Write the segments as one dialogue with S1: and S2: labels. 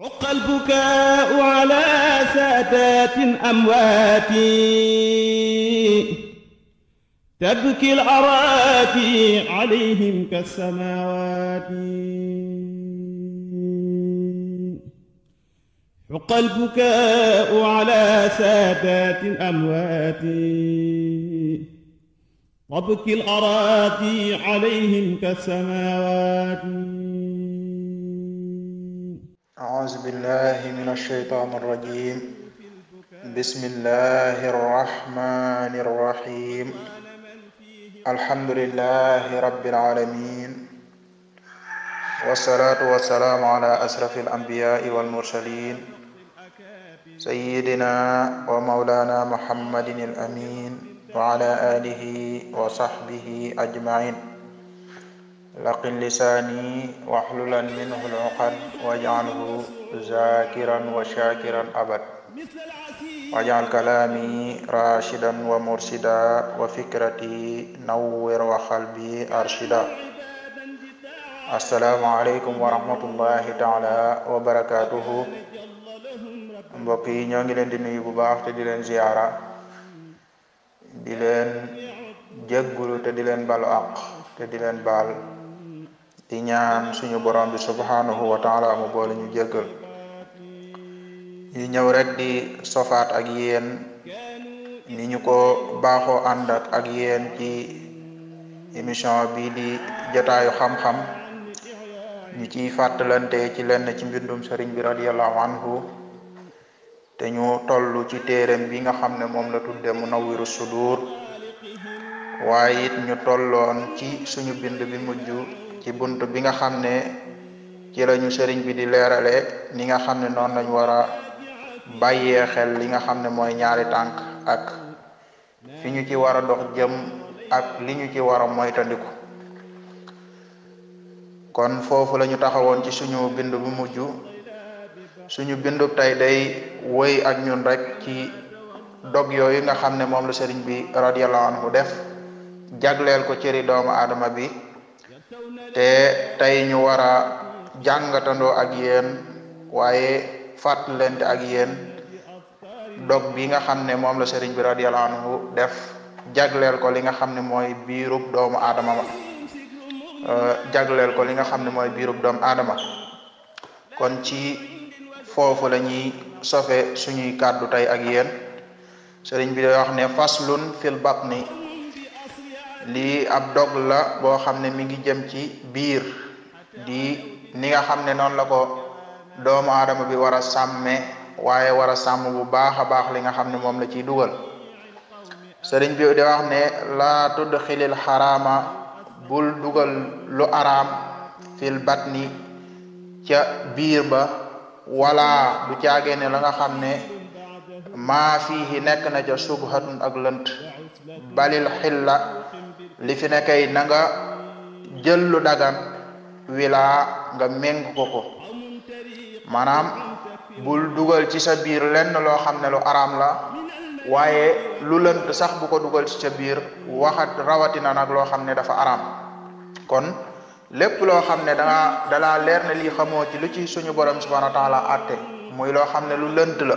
S1: حق البكاء على سادات أمواتي تبكي الأراتي عليهم كالسماوات حق البكاء على سادات أمواتي تبكي الأراتي عليهم كالسماوات أعوذ بالله من الشيطان الرجيم بسم الله الرحمن الرحيم الحمد لله رب العالمين والصلاة والسلام على أشرف الأنبياء والمرسلين سيدنا ومولانا محمد الأمين وعلى آله وصحبه أجمعين laqin lisaani waxlulan minhu luqad wajalhu zakiran wa shakiran abad wajal kalaami rashidan wa mursida wa fikrati arshida assalaamu aleykum wa rahmatullahi taala wa barakatuhu yi ñoo ngi leen di nuyu bu baax te di leen ziyaara di leen di leen balu àq te di leen baal di ñaan suñu borom bi subhanahu wa taala mu boole ñu jéggal ñu ñëw rekk di sofaat ak yéen ni ñu ko baaxoo ànd ak ak yéen ci émission bii di jataayu xam-xam ñu ciy fàttalante ci lenn ci mbindum sëriñ bi radiallahu anhu te ñu toll ci téereem bi nga xam ne moom la tudde Munawwirus Sudur waaye it ñu tolloon ci suñu bind bi mujj ci bunt bi nga xam ne ci lañu sëriñ bi di leerale ni nga xam ne noonu lañ war a bàyyee xel li nga xam ne mooy ñaari tànk ak fi ñu ci war a dox jëm ak li ñu ci war a moytandiku kon foofu lañu taxawoon ci suñu bindu bu mujj suñu bindu tey day woy ak ñun rek ci dog yooyu nga xam ne moom la sëriñ bi radiyallahu anhu def jagleel ko cëri doomu aadama bi te tey ñu war a jàngatandoo ak yéen waaye fàttalente ak yéen dog bi nga xam ne moom la sëriñ bi radiyallahu anhu def jagleel ko li nga xam ne mooy biirub doomu aadama ma euh, jagleel ko li nga xam ne mooy biirub doom aadama kon ci foofu la ñuy sofe suñuy kàddu tey ak yéen sëriñ bi day wax ne faslun fil ni lii ab dog la boo xam ne mi ngi jëm ci biir di ni nga xam ne noonu la ko doomu aadama bi war a sàmme waaye war a sàmm bu baax a baax li nga xam ne moom la ciy dugal sëriñ bi di wax ne laa tudxilil xaraama bul lu araam fil batni ca biir ba wala du caagee ne la nga xam ne maa fiihi nekk na ca subhatun ak lënt balil xilla li fi ne kay na jël lu dagan wilaa nga méng ko ko maanaam bu dugal ci sa biir lenn loo xam ne lu araam la waaye lu lënt sax bu ko dugal ci sa biir waxat rawatina nag loo xam ne dafa araam kon lépp loo xam ne danga dalaa leer ne lii xamoo ci lu ci suñu borom subhanahu wa taala atte muy loo xam ne lu lënt la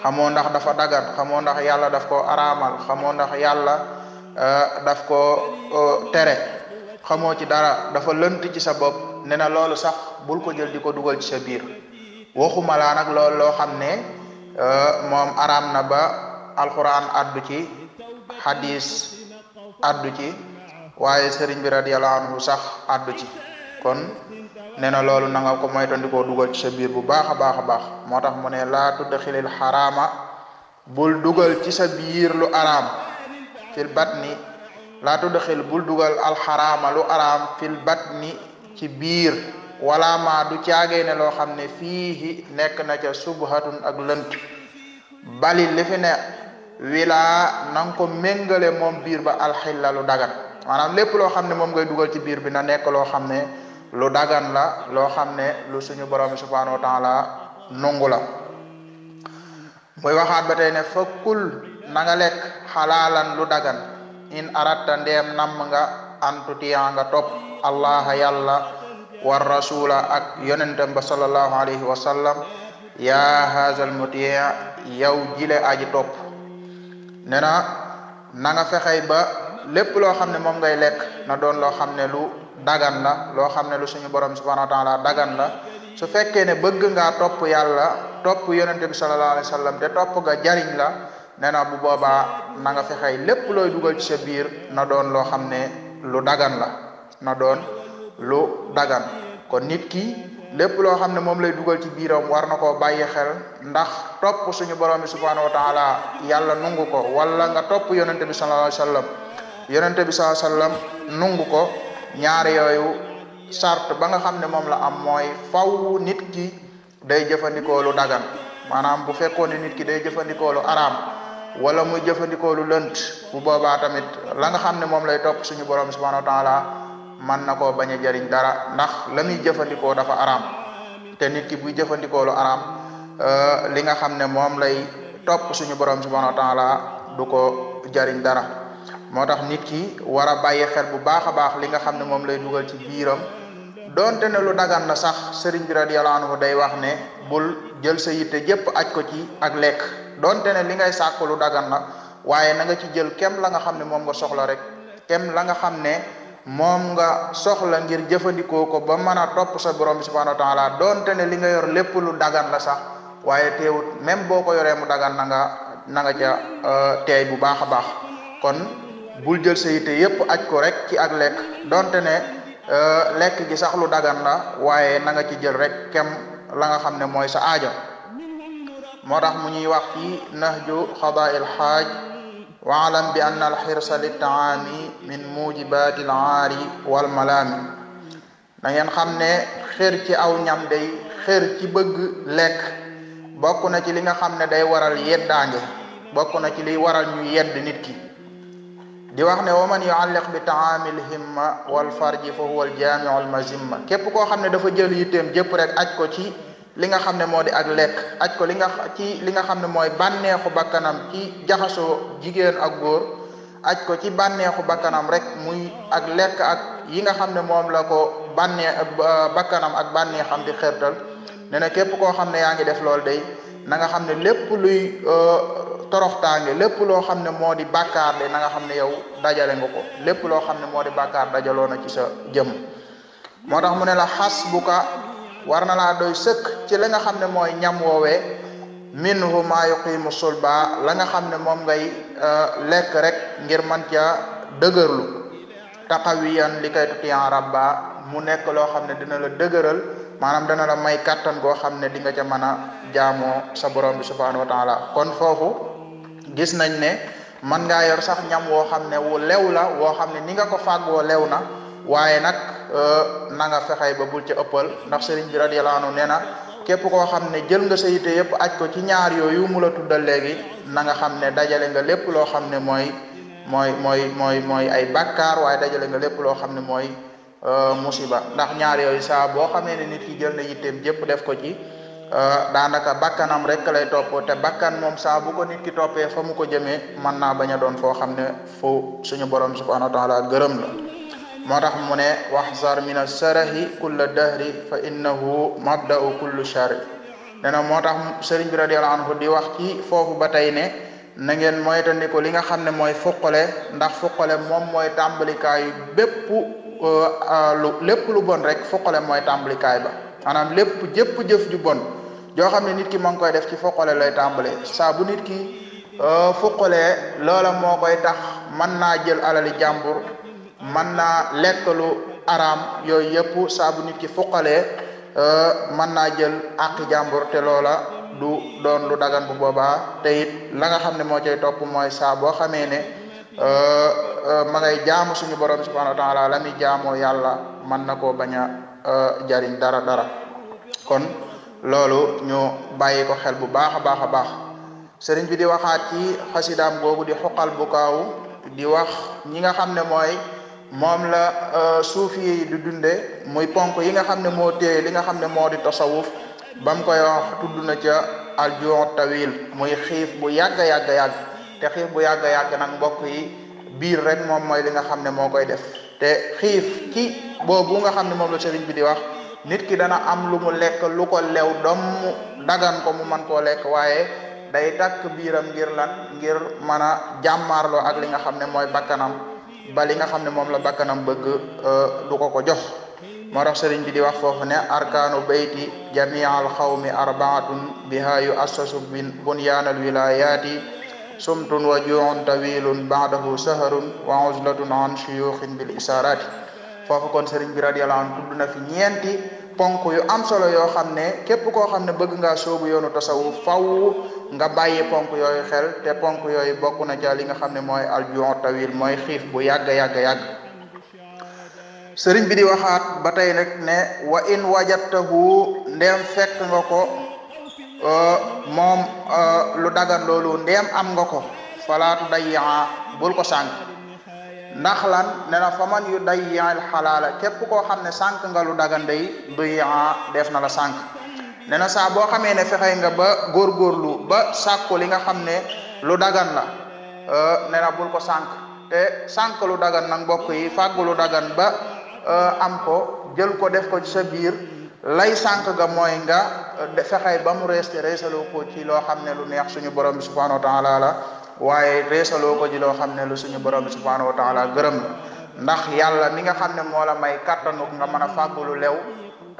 S1: xamoo ndax dafa dagan xamoo ndax yàlla daf ko araamal xamoo ndax yàlla Euh, daf ko euh, tere xamoo ci dara dafa lënt ci sa bopp ne na loolu sax bul ko jël di ko dugal ci sa biir waxuma laa nag loolu loo xam ne euh, moom araam na ba alquran addu ci hadis addu ci waaye sëriñ bi radiyallahu anhu sax addu ci kon nee na loolu na nga ko moytandikoo dugal ci sa biir bu baax a baax a baax moo tax mu ne laa xilil xaraama bul dugal ci sa biir lu araam fil batni laa tudxil bul dugal alxaraama lu araam fil batni ci biir wala ma du caagee ne loo xam ne fiihi nekk na ca subhatun ak lënt bali li ne wilaa na nga ko méngale moom biir ba alxilla lu dagan maanaam lépp loo xam ne moom ngay dugal ci biir bi na nekk loo xam ne lu dagan la loo xam ne lu suñu borom subhanahu wa taala nungu la muy waxaat ba tey ne fa na nga lekk lu dagan in aratta ndeem namm nga antutiya nga topp allaha yàlla war rasula ak yonentam ba sallallahu alayhi wa sallam yaa haazal mutiya yow jile aji top nee na na nga fexey ba lépp loo xam ne moom ngay lekk na doon loo xam ne lu dagan la loo xam ne lu suñu borom subhanahu wa taala dagan la su fekke ne bëgg nga top yàlla topp yonente bi sallallahu alayhi wa sallam te topp nga jariñ la nee na bu boobaa na nga fexey lépp looy dugal ci sa biir na doon loo xam ne lu dagan la na doon lu dagan kon nit ki lépp loo xam ne moom lay dugal ci biiram war na koo bàyyi xel ndax topp suñu borom bi subhaanahu wa taala yàlla nungu ko wala nga topp yonente bi sallallahu alayhi wa sallam yonente bi sallallahu alayhi wa sallam ko ñaari sart ba nga xam ne moom la am mooy faw nit ki day jëfandikoo dagan maanaam bu fekkoon nit ki day jëfandikoo lu araam wala muy jëfandikoo lu lënt bu boobaa tamit la xam ne moom lay topp suñu borom subhanahu wa taala mën na ko bañ a jariñ dara ndax la jëfandikoo dafa araam te nit ki buy jëfandikoo lu araam euh, li nga xam ne moom lay topp suñu borom suban wa taala du ko jariñ dara moo tax nit ki war a bàyyi xel bu baax a baax li nga xam ne moom lay dugal ci biiram doonte ne lu dagan la sax sëriñ bi radiyallahu anhu day wax ne bul jël sa yitte jépp aj ko ci ak lekk doonte ne li ngay sàkk lu dagan la waaye na nga ci jël kem la nga xam ne moom nga soxla rek kem la nga xam ne moom nga soxla ngir jëfandikoo ko ba mën a topp sa borom bi subhanahu wa taala doonte ne li nga yor lépp lu dagan la sax waaye teewut même boo ko yoree mu dagan na nga na nga ca euh, teey bu baax a baax kon bul jël sa yitte yépp aj ko rek ci ak lekk doonte ne Euh, lekk gi saxlu dagan la waaye na nga ci jël rek kem la nga xam ne mooy sa aajo moo tax mu ñuy wax ci nahju xadaa'il xaaj waalam bi anna alxirsa littaami min mujibaati alaari walmalaami na ngeen xam ne xër ci aw ñam day xër ci bëgg lekk bokk na ci li nga xam ne day waral yeddaange bokk na ci li waral ñu yedd nit ki di wax ne waman lekk bi taamil himma wal farji fa huwa al jaamiu al mazimma képp koo xam ne dafa jël yitteem jëpp rek aj ko ci li nga xam ne moo di ak lekk aj ko li nga ci li nga xam ne mooy bànneexu bakkanam ci jaxasoo jigéen ak góor aj ko ci bànneexu bakkanam rek muy ak lekk ak yi nga xam ne moom la ko bànnee bakkanam ak bànneexam di xertal ne képp koo xam ne yaa ngi def loolu day na nga xam ne lépp luy euh, toroxtaange lépp loo xam ne moo di bàkkaar de na xam ne yow dajale nga ko lépp loo xam ne moo di bàkkaar dajaloo na ci sa jëm moo tax mu ne la xas bu ka war na laa doy sëkk ci la nga xam ne mooy ñam woowee minhu maa yuqimu sulba la nga xam ne moom ngay euh, lekk rek ngir man ca dëgërlu taqawiyan li kay tutiyan rabba mu nekk loo xam ne dina la dëgëral maanaam dana la may kattan goo xam ne dinga nga ca mën a jaamoo sa borom bi kon foofu gis nañ ne mën ngaa yor sax ñam woo xam ne wu lew la woo xam ne ni nga ko fàggoo lew na waaye nag euh, na nga fexey ba bul ci ëppal ndax sëriñ bi radiyallahu anhu nee na képp koo xam ne jël nga sa yite yëpp aj ko ci ñaar yooyu mu la tuddal léegi na nga xam ne dajale nga lépp loo xam ne mooy mooy mooy mooy mooy ay bàkkaar dajale nga lépp loo xam ne mooy euh, musiba ndax ñaar yooyu saa boo xamee ne nit ki jël na yitteem jëpp def ko ci Euh, daanaka bakkanam rek lay topp te bakkan moom saa bu ko nit ki toppee fa mu ko jëmee mën naa bañ a doon foo xam ne foo suñu borom subhanahu wa taala gërëm moo tax mu ne waxzar min asarahi kulla dahri fa innahu mabda'u kullu sharri nee moo tax sëriñ bi radiyallahu di wax foofu ba tey ne na ngeen moytandiku li nga xam ne mooy fuqale ndax moom mooy tàmbalikaayu bépp euh, lépp lu bon rek fuqale mooy tàmbalikaay ba maanaam lépp jëpp jëf ju bon joo xam ne nit ki ma ngi koy def ci foqale lay tàmbalee saa bu nit ki euh, foqalee loola moo koy tax man naa jël alali jàmbur man naa lekk araam yooyu yëpp saa bu nit ki foqalee euh, mën naa jël àqi jàmbur te loola du doon lu dagan bu boobaa te it nga xam ne moo cay topp mooy saa boo xamee ne euh, ma ngay jaamu suñu borom subhanahu wa taala la muy jaamoo yàlla mën na koo bañ a Euh, jariñ dara dara kon loolu ñu bàyyi xel bu baax a baax a baax sëriñ bi di waxaat ci xasidaam googu di xoqal bu kaaw di wax ñi nga xam ne mooy moom la euh, suuf yi di dunde muy ponk yi nga xam ne moo téye li nga xam ne moo di tasawuf ba mu koy wax tudd na ca aljuu tawil muy xiif bu yàgg yàgg yàgg te xiif bu yàgg yàgg nag mbokk yi biir rek moom mooy li nga xam ne moo koy def te xiif ki boobu nga xam ne moom la sëriñ bi di wax nit ki dana am lu mu lekk lu ko lew doom dagan ko mu man koo lekk waaye day takk biiram ngir lan ngir mën a jàmmaarloo ak li nga xam ne mooy bakkanam ba li nga xam ne moom la bakkanam bëgg euh, du ko ko jox moo tax sëriñ bi di wax foofu ne arkaanu bayti jamial xawmi arbaatun biha yu assasu bunyaanal wilayaati sumtun wa juun tawilun baadahu saharun wa uzlatun an shuyuxin bil isaaraati foofu kon sëriñ bi radiyallahu anhu tudd na fi ñeenti ponk yu am solo yoo xam ne képp koo xam ne bëgg ngaa sóobu yoonu tasawuf faw nga bàyyi ponk yooyu xel te ponk yooyu bokk na ca li nga xam ne mooy aljuon tawil mooy xiif bu yàgg yàgg yàgg sëriñ bi di waxaat ba tey rek ne wa in wajattahu ndeem fekk nga ko euh, mom euh, lu dagan loolu ndeem am nga ko falaatu dayyaa bul ko ndax lan ne na yu dayyi al xalaala képp ko xam ne sànq nga lu dagan day duyaa def na la sànq ne saa boo xamee ne fexe nga ba góorgóorlu ba sàkku li nga xam ne lu dagan la euh, ne na bul ko sànq te sànq lu dagan nag mbokk yi fàggu lu dagan ba euh, am ko jël ko def ko ci sa biir lay sànq nga mooy nga euh, fexe ba mu reste reesaloo ko ci loo xam ne lu neex suñu borom bi subhanahu wa taala la waaye reesaloo ko ji loo xam ne lu suñu borom bi subhaanahu wa taala gërëm ndax yàlla mi nga xam ne moo la may kattanuk nga mën a fàggu lu lew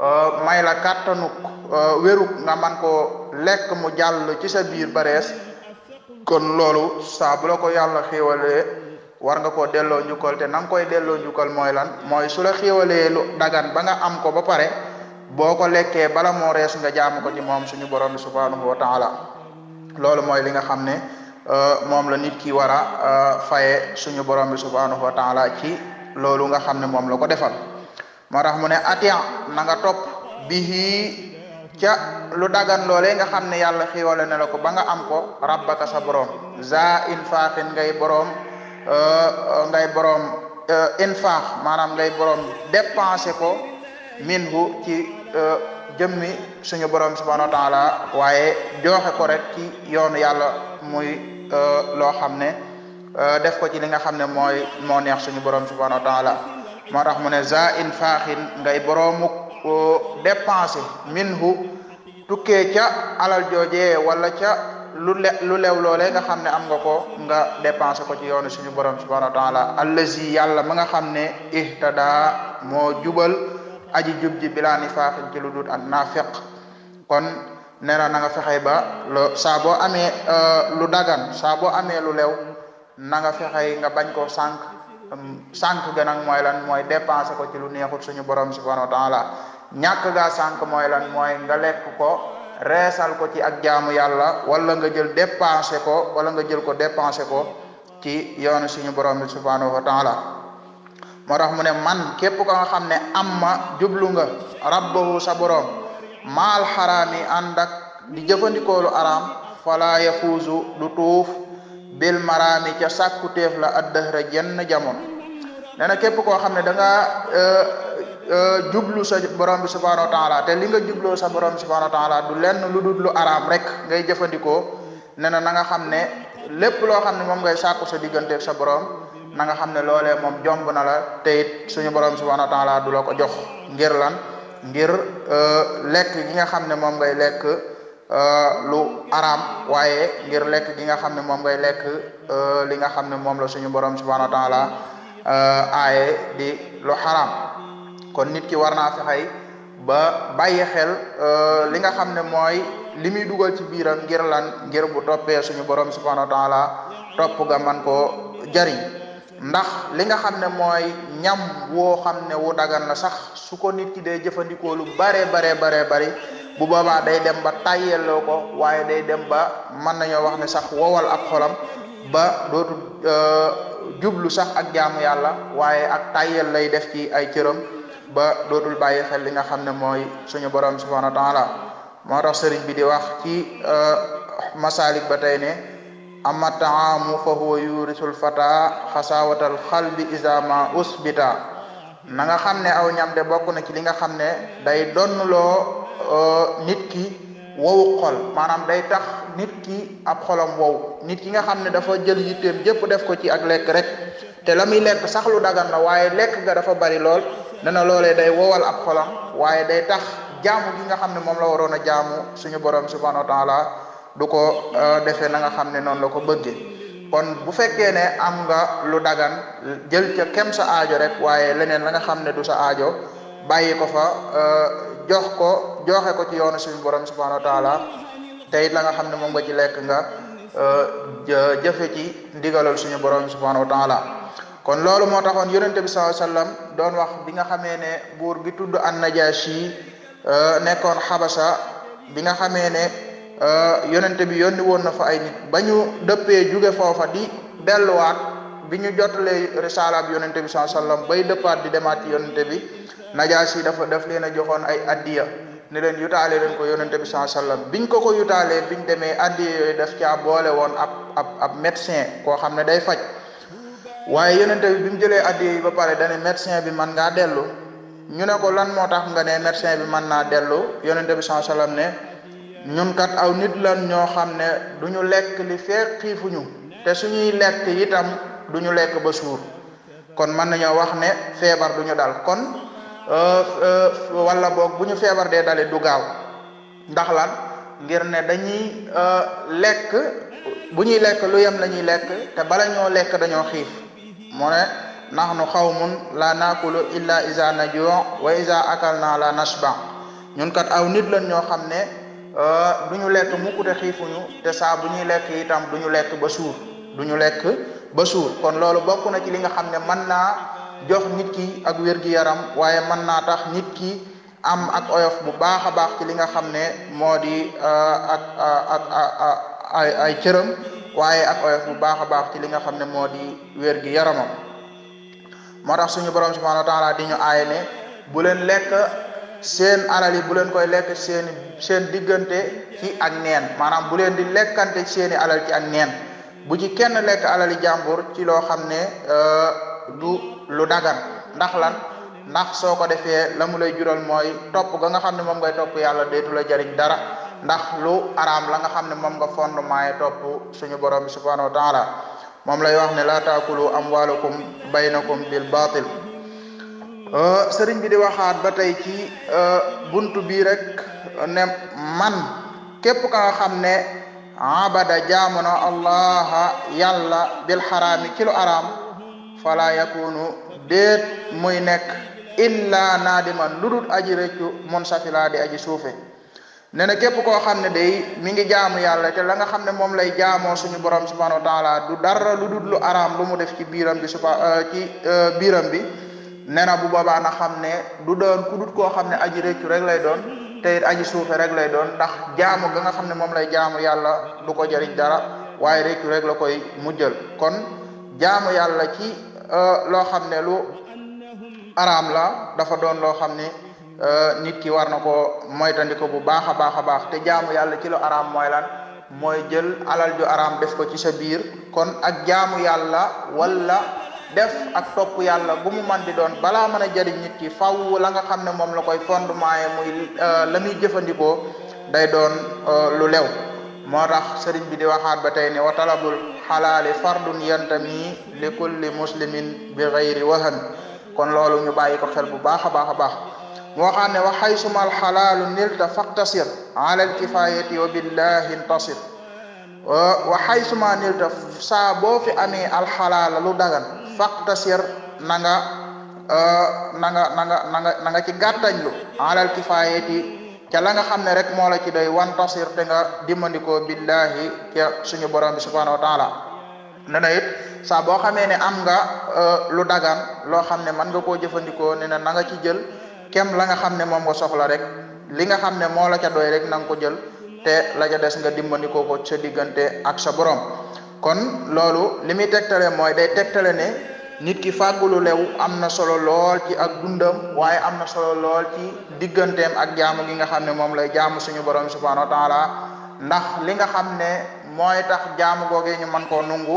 S1: euh, may la kattanuk euh, wéruk nga man koo lekk mu jàll ci sa biir ba rees kon loolu saa la ko yàlla xéewalee war nga koo delloo njukkal te na koy delloo njukkal mooy lan mooy su la xéewalee lu dagan ba nga am ko ba pare boo ko lekkee bala moo rees nga jaamu ko ci moom suñu boroom bi subhaanahu wa taala loolu mooy li nga xam ne Euh, moom la nit ki war a euh, faye suñu borom bi subhanahu wa taala ci loolu nga xam ne moom la ko defal moo tax mu ne atian na nga topp bihi ca lu dagan loolee nga xam ne yàlla xiwale na la ko ba nga am ko rabbaka sa borom za infaaxin ngay borom euh, ngay borom infaax maanaam ngay borom dépensé ko minhu ci jëmmi suñu borom subhanahu wa taala waaye joxe ko rek ci yoon yàlla muy Euh, loo xam ne euh, def ko ci li nga xam ne mooy moo neex suñu borom subhanahu wa taala moo tax mu ne za in faaxin ngay boroomu min euh, minhu tukkee ca alal joojee wala ca lu le lu lew loole nga xam ne am nga ko nga dépensé ko ci yoonu suñu borom subhanahu wa taala allazi yàlla ma nga xam ne ihtada moo jubal aji jub ji bilaa faaxin ci lu dut ak naafeq kon nena na na nga fexe ba lo saa boo amee euh, lu dagan saa amee lu lew na nga fexe nga bañ ko sànq um, sànq ga nag mooy lan mooy dépensé ko ci lu neexut suñu borom subhanahu wa taala ñàkk ga sànq mooy lan mooy nga lekk ko reesal ko ci ak jaamu yàlla wala nga jël dépensé ko wala nga jël ko dépensé ko ci yoonu suñu borom bi subhanahu wa taala moo tax mu ne man képp ko nga xam ne ama jublu nga rab rabbahu sa borom maal xaraami ànd di jëfandikoolu lu araam fala yafuusu du tuuf bil maraami ca sàkku teef la addahra jenn jamon nee na képp koo xam ne danga nga euh, euh, jublu sa borom bi subhanahu wa taala te li nga jubloo sa borom bi subhanahu taala du lenn lu dul lu araam rek ngay jëfandikoo nee na na nga xam ne lépp loo xam ne moom ngay sàkku sa digganteeg sa borom na nga xam ne loolee moom jomb na la te it suñu borom bi subhanahu wa taala du la ko jox ngir lan ngir euh, lekk gi nga xam ne moom ngay lekk euh, lu araam waaye ngir lekk gi nga xam ne moom ngay lekk euh, li nga xam ne moom la suñu borom subhanahu wa taala aaye di lu xaraam kon nit ki war naa fexey ba bàyyi xel li nga xam ne mooy li muy dugal ci biiram ngir lan ngir bu toppee suñu borom subhanahu wa taala topp ga man ko jariñ ndax li nga xam ne mooy ñam woo xam ne wu dagan na sax su ko nit ki day jëfandikoo lu bare bare bare bari bu boobaa day dem ba tàyyeloo ko waaye day dem ba mën nañoo wax ne sax wowal ak xolam ba dootu euh, jublu sax ak jaamu yàlla waaye ak tàyyel lay def ci ay cëram ba dootul bàyyi xel li nga xam ne mooy suñu borom subhanahu wa moo tax sëriñ bi di wax ci euh, masalik ba tey ne amma taamu fa huwa yurisul fata xasawatal xalbi isa ma usbita na nga xam ne aw ñam de bokk na ci li nga xam ne day donnloo euh, nit ki wowu xol maanaam day tax nit ki ab xolam wow nit ki nga xam ne dafa jël yitteem jëpp def ko ci ak lekk rek te la muy lekk saxlu lu dagan waaye lekk nga dafa bari lool dana loolee day wowal ab xolam waaye day tax jaamu gi nga xam ne moom la waroon a jaamu suñu borom subhanahu wa taala du ko euh, defe na nga xam ne noonu la ko bëggee kon bu fekkee ne am nga lu dagan jël ca kem sa aajo rek waaye leneen la nga xam ne du sa aajo bàyyi ko fa euh, jox ko joxe ko ci yoonu suñu borom subhanahu wa taala te it la nga xam ne moom nga ci lekk nga euh, jëfe ci ndigalal suñu borom subhanahu wa taala kon loolu moo taxoon yonente bi sa alayhi doon wax bi nga xamee ne buur bi tudd an najashi nekkoon xabasa bi nga xamee ne Euh, yonente bi yónni woon na fa ay ba ñu dëppee jóge foofa di delluwaat bi ñu jotalee risaala bi yonente bi sallallahu alayhi bay dëppaat di demaat ci yonente bi najaasi dafa daf leen a joxoon ay addiya ne leen yutaalee leen ko yonente bi sallallahu alayhi wasallam biñ ko ko yutaalee biñ demee addiya yooyu def caa boole woon ab ab ab médecin koo xam ne day faj waaye yonente bi bi mu jëlee addiya yi ba pare dane médecin bi man ngaa dellu ñu ne ko lan moo tax nga ne médecin bi mën naa dellu yonente bi sallallahu alayhi ne ñun kat aw nit lan ñoo xam ne du ñu lekk li feek ñu te suñuy lekk itam du ñu lekk ba suur kon mën nañoo wax ne feebar du ñu dal kon euh, euh, wala boog bu ñu feebar dee dale du gaaw ndax lan ngir ne dañuy euh, lekk bu ñuy lekk lu yem la lekk te bala ñoo lekk dañoo xiif mu nu xaw xawmun la nakulu illa isa najuu wa isa akalna la nashba ñun kat aw nit lan xam ne Euh, du ñu lekk mukk te xiifuñu te saa bu ñuy lekk itam du ñu lekk ba suur du ñu lekk ba suur kon loolu bokk na ci li nga xam ne mën naa jox nit ki ak wér-gi-yaram waaye mën naa tax nit ki am ak oyof bu baax a baax ci li nga xam ne moo di euh, ak ak ay ay cëram waaye ak oyof baax a baax li nga xam ne moo di wér-gi-yaramam moo tax suñu borom subhanahu wa taala di ñu aaye ne bu leen lekk seen alal yi bu leen koy lekk seen seen diggante ci ak neen maanaam bu leen di lekkante seeni alal ci ak neen bu ci kenn lekk alali jàmbur ci loo xam ne euh, du lu dagan ndax lan ndax soo ko defee la mu lay jural mooy topp ga nga xam ne moom ngay topp yàlla deetu la jariñ dara ndax lu araam la nga xam ne moom nga fondement yi topp suñu borom bi subhanahu wa taala moom lay wax ne laa taakulu amwaalakum baynakum bil baatil Euh, sëriñ bi di waxaat ba tey ci euh, buntu bii rek ne man képp ka xam ne abada jaamo na allaha yàlla bil xaraami ci lu araam fala yakunu muy nekk illa naadiman lu dul aji rëccu mun safila di aji suufe nee na képp koo xam ne day mi ngi jaamu yàlla te la nga xam ne moom lay jaamoo suñu borom subhanahu wa du dara lu dul lu araam lu mu def ci biiram bi suba euh, ci biiram bi nee na bu boobaa na xam ne du doon ku dut koo xam ne aji réccu rek lay doon te it aji suufe rek lay doon ndax jaamu ga nga xam ne moom lay jaamu yàlla du ko jëriñ dara waaye réccu rek la koy mu jël kon jaamo yàlla ci euh, loo xam ne lu araam la dafa doon loo xam ne euh, nit ki war na ko moytandiko bu baax a baax a baax te jaamu yàlla ci lu araam mooy lan mooy jël alal ju araam def ko ci sa biir kon ak jaamu yàlla wala def ak topp yàlla bu mu man di doon balaa mën a jariñ ki faww la nga xam ne moom la koy fondement yi muy euh, la muy jëfandikoo day doon euh, lu lew moo tax sëriñ bi di waxaat ba tey ne wa talabul xalaali fardun yantami li kulli muslimin bi gayri wahan kon loolu ñu bàyyi ko xel bu baax a baax a baax waxaat ne wa xaysumal xalaalu nilta faqtasir ala alkifayati wa billahi intasir wa xaysuma nilta saa boo fi amee alxalaala lu dagan faqtasir na nga euh, na nga na nga na nga na nga ci gàttañlu alal kifaayati ca la nga xam ne rek moo la ci doy wan tasir te nga dimmandikoo billahi ca suñu borom bi subhanahu wa taala ne na it saa boo xamee ne am nga euh, lu dagan loo xam ne mën nga koo jëfandikoo ne na na nga ci jël kem la nga xam ne moom nga soxla rek li nga xam ne moo la ca doy rek nanga ko jël te la ca des nga dimmandikoo ko sa diggante ak sa borom kon loolu li muy tegtale mooy day tegtale ne nit ki fàggulu lew am na solo lool ci ak dundam waaye am na solo lool ci digganteem ak jaamu gi nga xam ne moom lay jaamu suñu borom subhanahu wa taala ndax li nga xam ne mooy tax jaamu googee mën koo nungu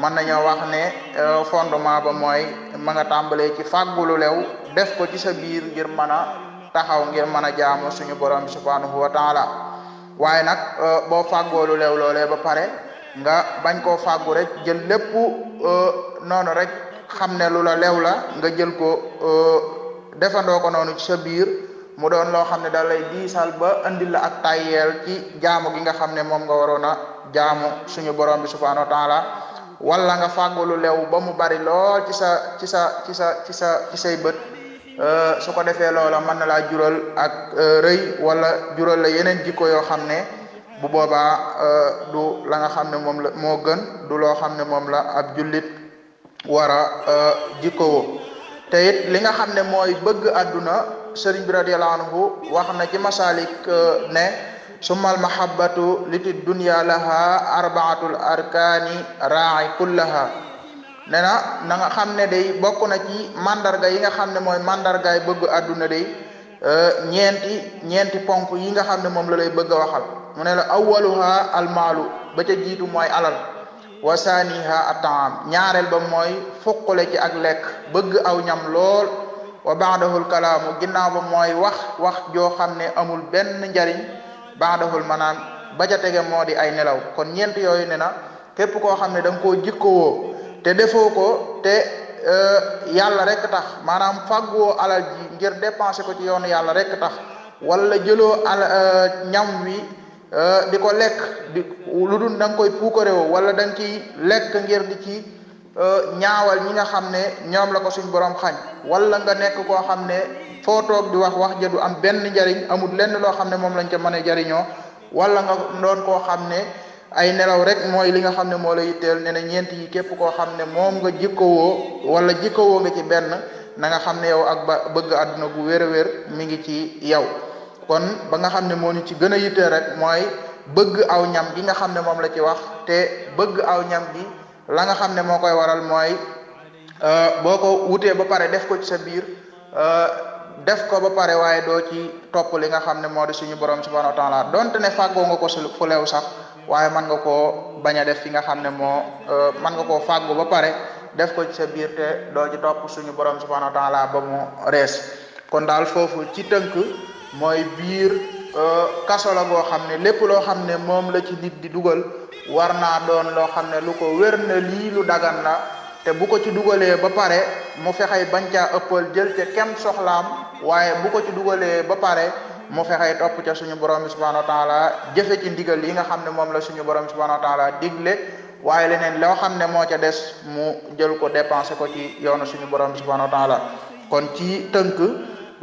S1: mën nañoo wax ne euh, fondement ba mooy ma nga tàmbalee ci fàggulu lew def ko ci sa biir ngir mën a taxaw ngir mën a jaamu suñu borom subhanahu wa taala waaye nag euh, boo fàggoolu lew loolee ba pare nga bañ koo fàggu rek jël lépp euh, noonu rek xam ne lu la lew la nga jël ko euh, defandoo ko noonu ci sa biir mu doon loo xam ne daal lay diisal ba indil la ak tayyeel ci jaamu gi nga xam ne moom nga waroon a jaamu suñu borom bi subhanahu wa taala wala nga fàggu lu lew ba mu bari lool ci sa ci sa ci sa ci sa ci say bët euh, su ko defee loola mën na laa jural ak rëy wala jural la yeneen jikko yoo xam ne bu boobaa euh, du la nga xam ne moom la moo gën du loo xam ne moom la ab jullit war a euh, jikkowoo te it li nga xam ne mooy bëgg àdduna sëriñ bi wax na ci masalik euh, ne summal mahabbatu liti dunya laha arbaatul arkaani raai kullaha ne na na nga xam ne day bokk na ci mandarga yi nga xam ne mooy mandargaay bëgg àdduna day ñeenti ñeenti ponk yi nga xam ne moom la lay bëgg a waxal mu ne la awaluha almaalu ba ca jiitu mooy alal wa saaniha temps ñaareel ba mooy fukkule ci ak lekk bëgg aw ñam lool wa baadahul kalaamu ginnaaw ba mooy wax wax joo xam ne amul benn njariñ baadahul manaan ba ca tege moo di ay nelaw kon ñeent yooyu ne na képp koo xam ne da nga koo jikkowoo te defoo ko te e, yàlla rek tax maanaam fàgguwoo alal ji ngir dépenser ko ci yoonu yàlla rek tax wala jëloo al e, ñam wi Euh, di ko lekk lu dul nang nga koy puukaréwo wala da ci lekk ngir di ci euh, ñaawal ñi nga xam ne ñoom la ko suñ borom xañ wala nga nekk koo xam ne foo toog di wax wax ja du am benn njariñ amul lenn loo xam ne moom lañ ca mën a jariñoo wala nga doon koo xam ne ay nelaw rek mooy li nga xam ne moo la yitteel ne na ñeent yi képp koo xam ne moom nga jikkowoo wala jikkowoo nga ci benn na nga xam ne yow ak ba bëgg àdduna gu wér a wér mi ngi ci yow kon ba nga xam ne moo ñu ci gën a yitte rek mooy bëgg aw ñam gi nga xam ne moom la ci wax te bëgg aw ñam gi la nga xam ne moo koy waral mooy euh, boo ko wutee ba pare def ko ci sa biir euh, def ko ba pare waaye doo ci topp li nga xam ne moo de suñu borom subhanahu wa taala donte ne fàggoo nga ko fu leew sax waaye mën nga koo bañ a def fi nga xam ne moo euh, mën nga koo fàggu ba pare def ko ci sa biir te doo ci topp suñu borom subhanahu wa taala ba mu rees kon daal foofu ci tënk mooy biir euh, kaso la boo xam ne lépp loo xam ne moom la ci nit di dugal war naa doon loo xam ne lu ko wér na lii lu dagan la te bu ko ci dugalee ba pare mu fexey bañ caa ëppal jël ca kem soxlaam waaye bu ko ci dugalee ba pare mu fexey topp ca suñu borom bi subhanahu wa la jëfe ci ndigal yi nga xam ne moom la suñu borom bi subhanahu wa taala digle waaye leneen loo xam ne moo ca des mu jël ko dépensé ko ci yoonu suñu borom bi subhanahu wa la kon ci tënk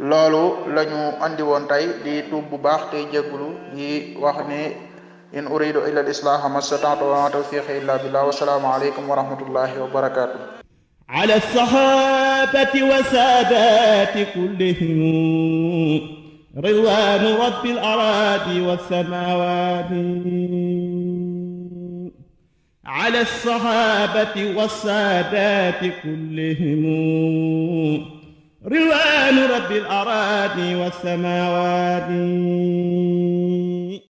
S1: loolu la ñu andi woon tey di tuub bu baax tey jégglu di wax ne in uridu illa al islaha mastata'tu wa ma tawfiqi illa billah wa salaamu aleykum wa rahmatullahi wa barakatuh ala sahabati wa saadati kullihim ridwanu rabbil aradi wassamawati ala sahabati wa saadati kullihim ridwaanu rabbil araadi was samaawaati